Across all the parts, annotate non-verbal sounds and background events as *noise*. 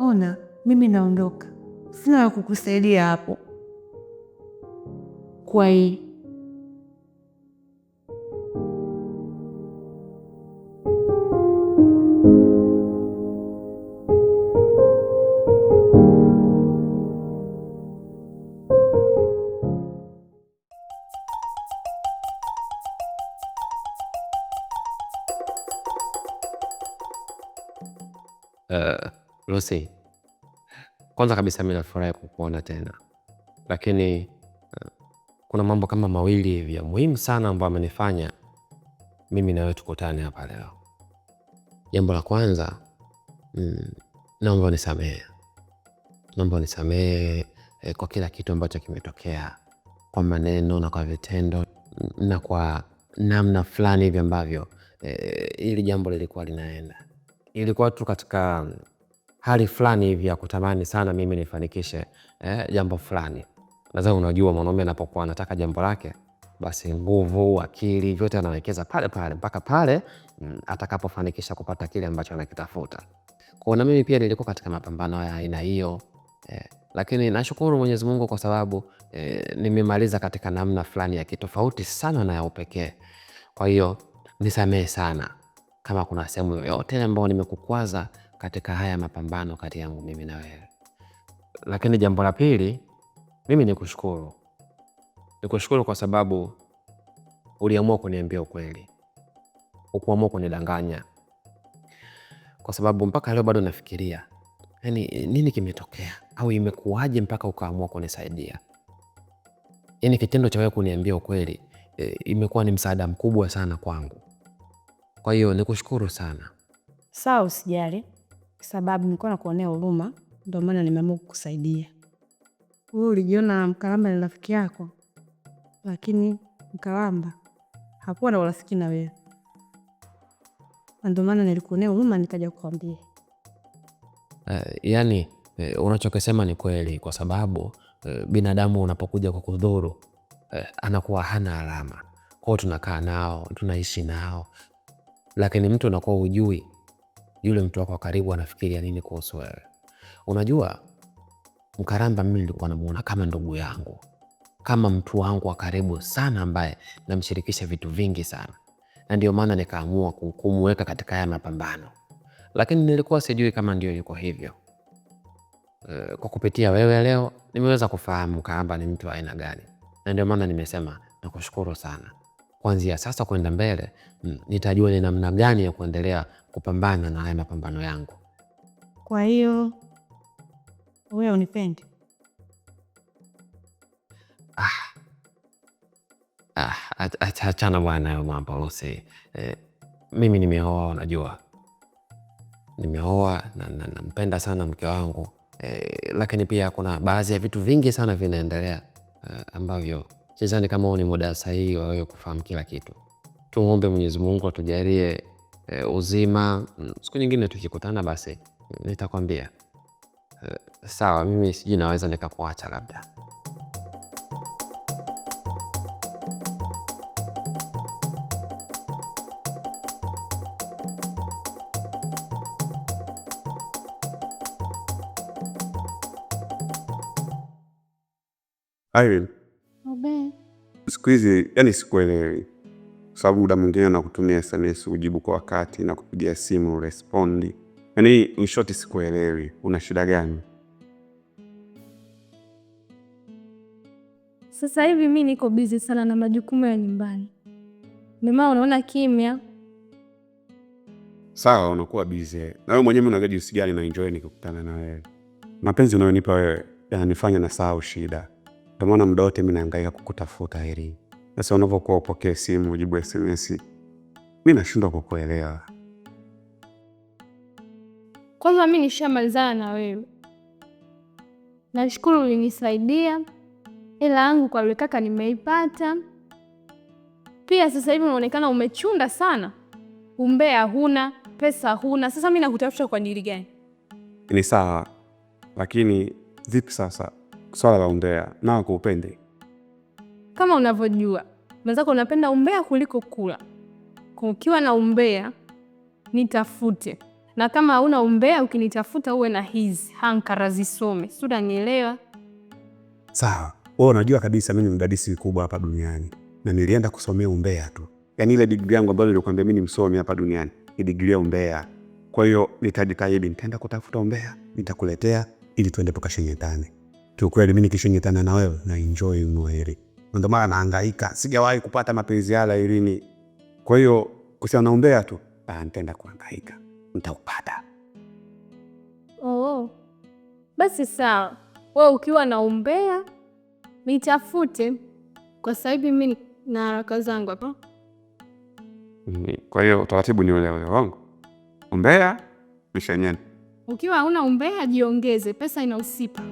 ona, mimi naondoka, sina la kukusaidia hapo. Kwa hii uh. Lucy, kwanza kabisa mimi nafurahi kukuona tena, lakini eh, kuna mambo kama mawili hivi ya muhimu sana ambayo amenifanya mimi na wewe tukutane hapa leo. Jambo la kwanza mm, naomba unisamehe, naomba unisamehe eh, kwa kila kitu ambacho kimetokea, kwa maneno na kwa vitendo na kwa namna fulani hivi ambavyo eh, hili ili jambo lilikuwa linaenda, ilikuwa tu katika hali fulani hivi ya kutamani sana mimi nifanikishe eh, jambo fulani. Nadhani unajua mwanaume anapokuwa anataka jambo lake, basi nguvu, akili, vyote anawekeza pale pale mpaka pale mm, atakapofanikisha kupata kile ambacho anakitafuta. Kwa na mimi pia nilikuwa katika mapambano ya aina hiyo eh, lakini nashukuru Mwenyezi Mungu kwa sababu eh, nimemaliza katika namna fulani ya kitofauti sana na ya upekee. Kwa hiyo nisamehe sana kama kuna sehemu yoyote ambayo nimekukwaza katika haya mapambano kati yangu mimi na wewe. Lakini jambo la pili, mimi nikushukuru, kushukuru kwa sababu uliamua kuniambia ukweli, ukuamua kunidanganya, kwa sababu mpaka leo bado nafikiria, yani eh, nini kimetokea au imekuwaje mpaka ukaamua kunisaidia. Yani kitendo cha wewe kuniambia ukweli e, imekuwa ni msaada mkubwa sana kwangu. Kwa hiyo nikushukuru sana. Sawa, usijali sababu nilikuwa nakuonea huruma, ndio maana nimeamua kukusaidia. Wewe ulijiona Mkalamba ni rafiki yako, lakini Mkalamba hakuwa na urafiki na wewe, ndio maana nilikuonea huruma nikaja kukwambia. Uh, eh, yani uh, eh, unachokisema ni kweli, kwa sababu uh, binadamu unapokuja kwa kudhuru uh, anakuwa hana alama kwao, tunakaa nao tunaishi nao, lakini mtu unakuwa hujui yule mtu wako wa karibu anafikiria nini kuhusu wewe. Unajua, Mkaramba mimi nilikuwa namuona kama ndugu yangu, kama mtu wangu wa karibu sana, ambaye namshirikisha vitu vingi sana, na ndio maana nikaamua kumuweka katika haya mapambano, lakini nilikuwa sijui kama ndio yuko hivyo. E, kwa kupitia wewe leo nimeweza kufahamu Mkaramba ni mtu wa aina gani, na ndio maana nimesema nakushukuru sana kuanzia sasa kwenda mbele mm, nitajua ni namna gani ya kuendelea kupambana na haya mapambano yangu. Kwa hiyo wewe unipendi? Ah, ah, achana bwana hayo mambo Lucy. Eh, mimi nimeoa, unajua nimeoa na nampenda na sana mke wangu eh, lakini pia kuna baadhi ya vitu vingi sana vinaendelea eh, ambavyo Sidhani kama huu ni muda sahihi wa wewe kufahamu kila kitu. Tuombe Mwenyezi Mungu atujalie e, uzima. Siku nyingine tukikutana, basi nitakwambia. E, sawa, mimi sijui naweza nikakuacha labda Irene siku hizi yani sikuelewi, kwa sababu muda mwingine nakutumia SMS ujibu kwa wakati, na kupigia simu respondi, yani in sikuelewi, una shida gani? Sasa hivi mi niko bizi sana na majukumu ya nyumbani, ndio maana unaona kimya. Sawa, unakuwa bizi na wewe mwenyewe. Unaga jinsi gani na enjoy nikikutana na wewe? Mapenzi unayonipa wewe yananifanya sahau shida ndio maana muda wote mimi nahangaika kukutafuta heri. Sasa unavokuwa upokee simu, ujibu SMS, mi nashindwa kukuelewa. Kwanza mi nishamalizana na wewe, nashukuru ulinisaidia. Hela yangu kwa yule kaka nimeipata pia. Sasa hivi unaonekana umechunda sana, umbea huna, pesa huna. Sasa mi nakutafuta kwa dili gani? Ni sawa, lakini vipi sasa swala la umbea na kuupendi? Kama unavyojua mwenzako, unapenda umbea kuliko kula. Ukiwa na umbea nitafute, na kama hauna umbea, ukinitafuta uwe na hizi hankara zisome, si unanielewa? Sawa, wewe unajua kabisa mimi ni mdadisi mkubwa hapa duniani na nilienda kusomea umbea tu, yaani ile digri yangu ambayo nilikwambia mimi ni msomi hapa duniani ni digri ya umbea. Kwa hiyo nitajitahidi, nitaenda kutafuta umbea, nitakuletea ili tuende tukashenyetane kiukweli mi nikishanyitana na wewe na enjoy mno heri. Ndio maana naangaika, Sijawahi kupata mapenzi yala ilini. Kwa hiyo kusiana naombea tu, ah, nitaenda ntaupata Nitaupata. Oh. Basi sawa. Wewe ukiwa naombea nitafute kwa sababu mi mimi na haraka zangu hapa. Kwa hiyo utaratibu ni ule ule wangu. umbea mishenyeni. Ukiwa hauna umbea jiongeze, pesa inausipa.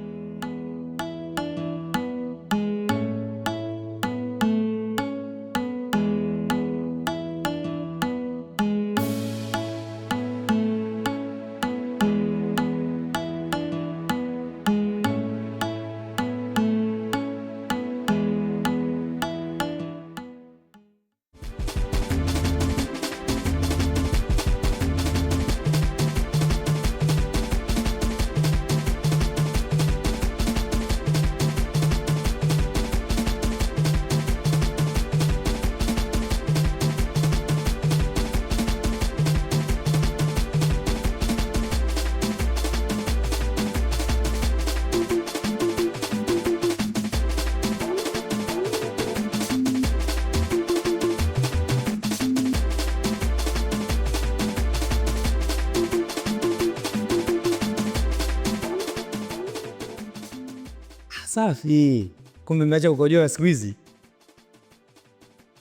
safi, kumbe mmeacha kukojoa siku hizi.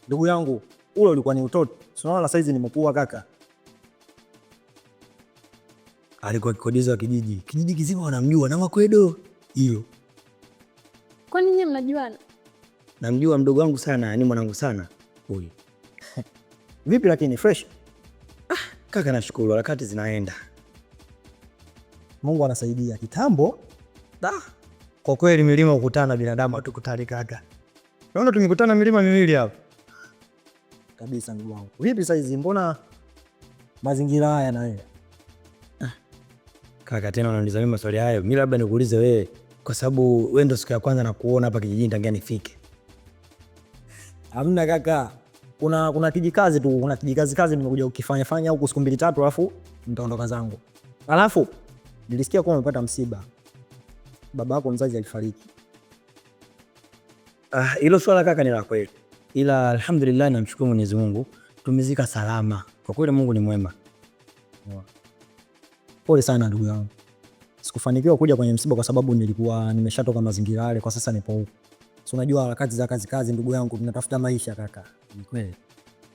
Ndugu yangu, ule ulikuwa ni utoto, na saizi nimekuwa kaka. Alikuwa kikodizo wa kijiji, kijiji kizima wanamjua na makwedo hiyo. Kwa nini mnajuana? Namjua mdogo wangu sana, ni mwanangu sana huyu. *laughs* Vipi lakini fresh? Ah, kaka nashukuru, harakati zinaenda. Mungu anasaidia. Kitambo dah kwa kweli milima ukutana na binadamu hatukutani kaka. Naona tumekutana milima miwili hapa. Kabisa ndugu wangu. Vipi saizi mbona mazingira haya na wewe? Ah. Kaka tena unaniuliza mimi maswali hayo. Mimi labda nikuulize wewe kwa sababu wewe ndio siku ya kwanza nakuona hapa kijijini tangia nifike. Hamna kaka. Kuna kuna kijikazi tu, kuna kijikazi kazi nimekuja ukifanya fanya huko siku mbili tatu alafu nitaondoka zangu. Alafu nilisikia kuwa umepata msiba baba yako mzazi alifariki. Ah, Hilo swala kaka, ni la kweli, ila alhamdulillah, namshukuru Mwenyezi Mungu tumezika salama. Kwa kweli Mungu ni mwema. Pole sana ndugu yangu, sikufanikiwa kuja kwenye msiba kwa sababu nilikuwa nimeshatoka mazingira yale, kwa sasa nipo huku. So unajua harakati za kazi kazi, ndugu yangu, tunatafuta maisha kaka. Ni kweli.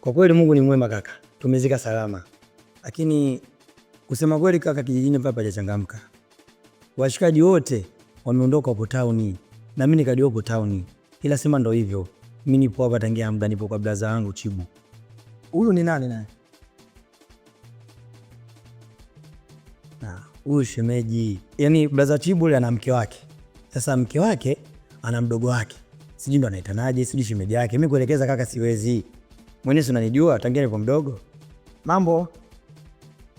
Kwa kweli Mungu ni mwema kaka, tumezika salama, lakini kusema kweli kaka, kijijini papa hajachangamka, washikaji wote wameondoka hapo town, na mimi nikadio hapo town, ila sema ndo hivyo, mimi nipo hapa tangia muda, nipo kwa blaza wangu Chibu. Huyu ni nani naye? Na huyu shemeji, yani blaza Chibu ana mke wake. Sasa mke wake ana mdogo wake, sijui ndo anaitanaje, sijui shemeji yake. Mimi kuelekeza kaka siwezi mwenyewe, si unanijua tangia nipo mdogo. Mambo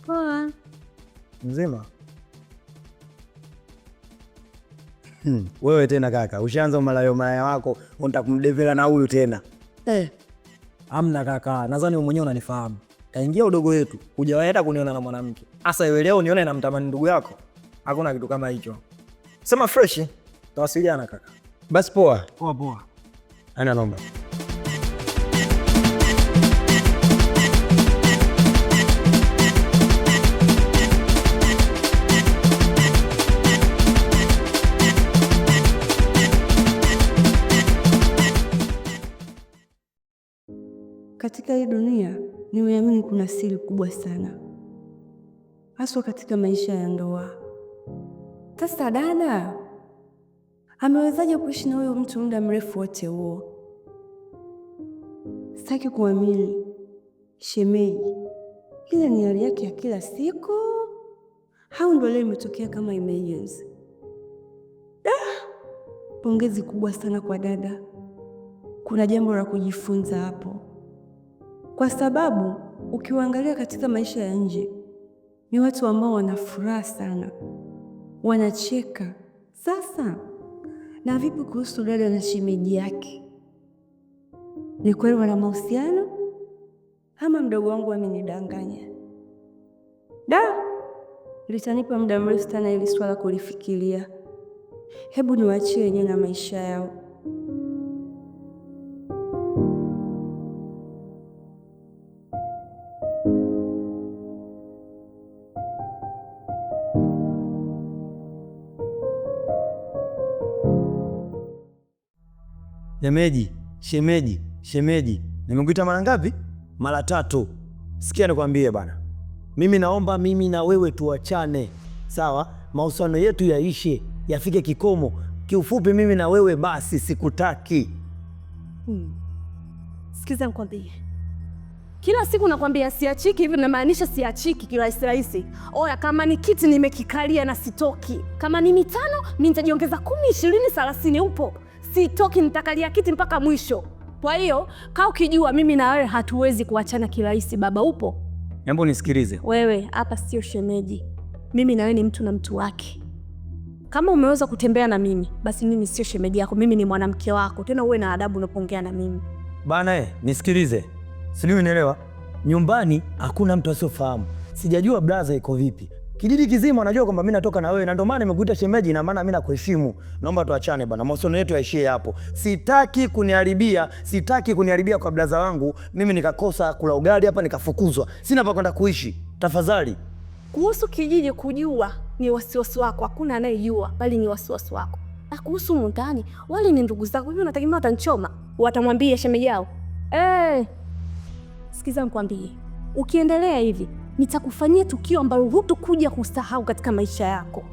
poa, mzima Hmm. Wewe tena kaka, ushaanza malayo malayo wako, ntakumdevela na huyu tena eh. Amna kaka, nadhani wewe mwenyewe unanifahamu, kaingia udogo wetu, hujawahi hata kuniona na mwanamke. hasa iwe leo nione namtamani ndugu yako, hakuna kitu kama hicho. Sema fresh, tawasiliana kaka. Basi poa poa poa, ana namba katika hii dunia nimeamini kuna siri kubwa sana, haswa katika maisha ya ndoa. Sasa dada amewezaje kuishi na huyo mtu muda mrefu wote huo? Sitaki kuamini shemeji, ile ni hali yake ya kila siku au ndo leo imetokea kama emergency? Da, pongezi kubwa sana kwa dada, kuna jambo la kujifunza hapo kwa sababu ukiwaangalia katika maisha ya nje ni watu ambao wana furaha sana, wanacheka. Sasa na vipi kuhusu dada na shemeji yake? Ni kweli wana mahusiano ama mdogo wangu amenidanganya? Da, litanipa muda mrefu sana ili swala kulifikiria. Hebu niwaachie wenyewe na maisha yao. Shemeji, shemeji, shemeji, nimekuita mara ngapi? Mara tatu. Sikia nikwambie bana, mimi naomba mimi na wewe tuachane, sawa? Mahusiano yetu yaishe, yafike kikomo. Kiufupi, mimi na wewe basi, sikutaki. Hmm. Sikiza nikwambie, kila siku nakwambia siachiki hivi, namaanisha siachiki kirahisi rahisi. Oya, kama ni kiti nimekikalia na sitoki. Kama ni mitano, mi nitajiongeza kumi, ishirini, thelathini. Upo sitoki, nitakalia kiti mpaka mwisho. Kwa hiyo kaa ukijua mimi na wewe hatuwezi kuachana kirahisi. Baba upo? Hebu nisikilize wewe, hapa sio shemeji. Mimi na wewe ni mtu na mtu wake. Kama umeweza kutembea na mimi, basi mimi sio shemeji yako, mimi ni mwanamke wako. Tena uwe na adabu unapoongea na mimi bana. Eh, nisikilize, sijui unielewa. Nyumbani hakuna mtu asiofahamu. Sijajua braza iko vipi, kijiji kizima wanajua kwamba mimi natoka na wewe, na ndio maana nimekuita shemeji, na maana mimi nakuheshimu. Naomba tuachane bana, mahusiano yetu yaishie hapo. Sitaki kuniharibia, sitaki kuniharibia kwa blaza wangu, mimi nikakosa kula ugali hapa nikafukuzwa, sina pa kwenda kuishi. Tafadhali. Kuhusu kijiji kujua ni wasiwasi wako, hakuna anayejua bali ni wasiwasi wako. Na kuhusu mundani, wale ni ndugu zako, hivyo unategemea watanchoma? Watamwambia shemeji yao? Eh, hey, sikiza nikwambie, ukiendelea hivi nitakufanyia tukio ambalo hutokuja kusahau katika maisha yako.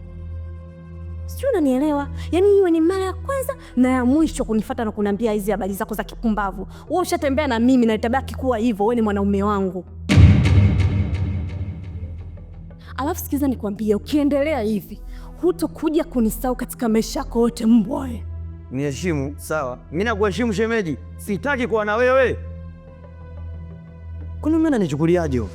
Sijui unanielewa? Yaani iwe ni mara ya kwanza na ya mwisho kunifata na kuniambia hizi habari zako za kipumbavu. Wewe ushatembea na mimi na itabaki kuwa hivyo, wewe ni mwanaume wangu. Alafu sikiza nikwambie, ukiendelea hivi hutokuja kunisahau katika maisha yako yote mboe. Niheshimu, sawa? Mimi nakuheshimu shemeji, sitaki kuwa na wewe. Kwani mimi huyo?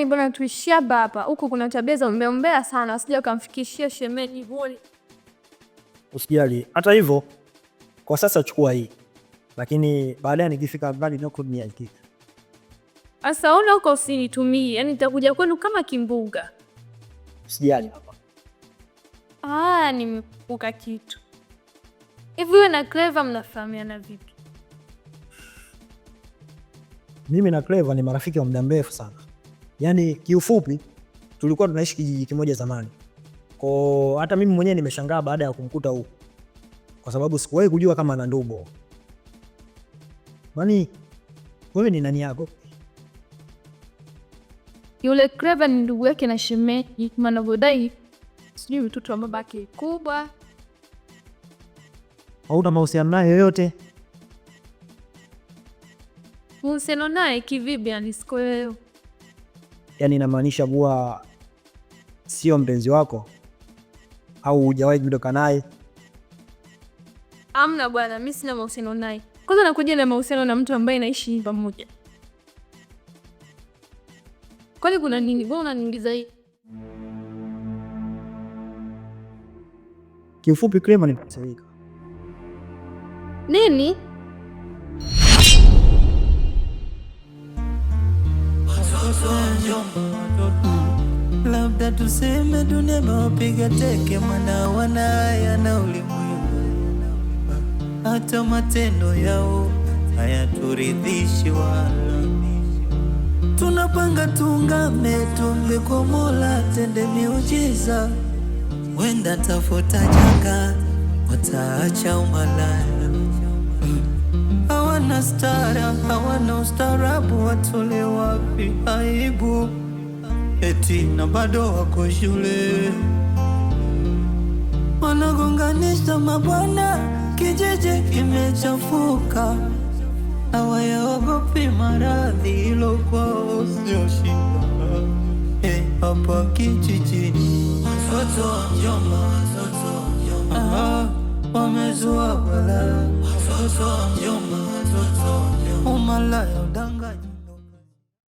Jamani bwana, tuishia hapa. Huko kuna tabia za umeombea sana, sija ukamfikishia shemeji huli. Usijali. Hata hivyo kwa sasa chukua hii, lakini baadaye nikifika mbali nakutumia hiki. Asa una uko usinitumie, yani nitakuja kwenu kama kimbuga. Usijali. Ah, nimepuka kitu hivi. Wewe na Cleva mnafahamiana vipi? Mimi na Clever ni marafiki wa muda mrefu sana. Yani kiufupi tulikuwa tunaishi kijiji kimoja zamani. Kwa hata mimi mwenyewe nimeshangaa baada ya kumkuta huko. Kwa sababu sikuwahi kujua kama ana ndugu. Mani, wewe ni nani yako? Yule Kreva ni ndugu yake na shemeji, manavyodai sijui mtoto wa babake kubwa. Hauna mahusiano naye yoyote? Mahusiano naye kivipi? Aniskoelewa yani inamaanisha kuwa sio mpenzi wako au hujawahi kutoka naye? Amna bwana, mi sina mahusiano naye. Kwanza nakuja na mahusiano na mtu ambaye naishi pamoja. Kwani kuna nini? Mbona unaniingiza hii? Kiufupi Clema nini? mjomba watoto, labda tuseme dunia mapiga teke, mwana wanaya na ulimwengu, hata matendo yao hayaturidhishi wala tunapanga tungame, tumbe kwa Mola tende miujiza, wenda tafuta janga wataacha umalaya hawana stara, hawana ustarabu, watole wapi aibu? Eti na bado wako shule, wanagonganisha mabwana, kijiji kimechafuka, hawayaogopi maradhi, hilo kwao sio shida. Hey, eh, hapa kijijini watoto wa mjomba, watoto wa mjomba wamezua balaa, watoto wa mjomba my don't go.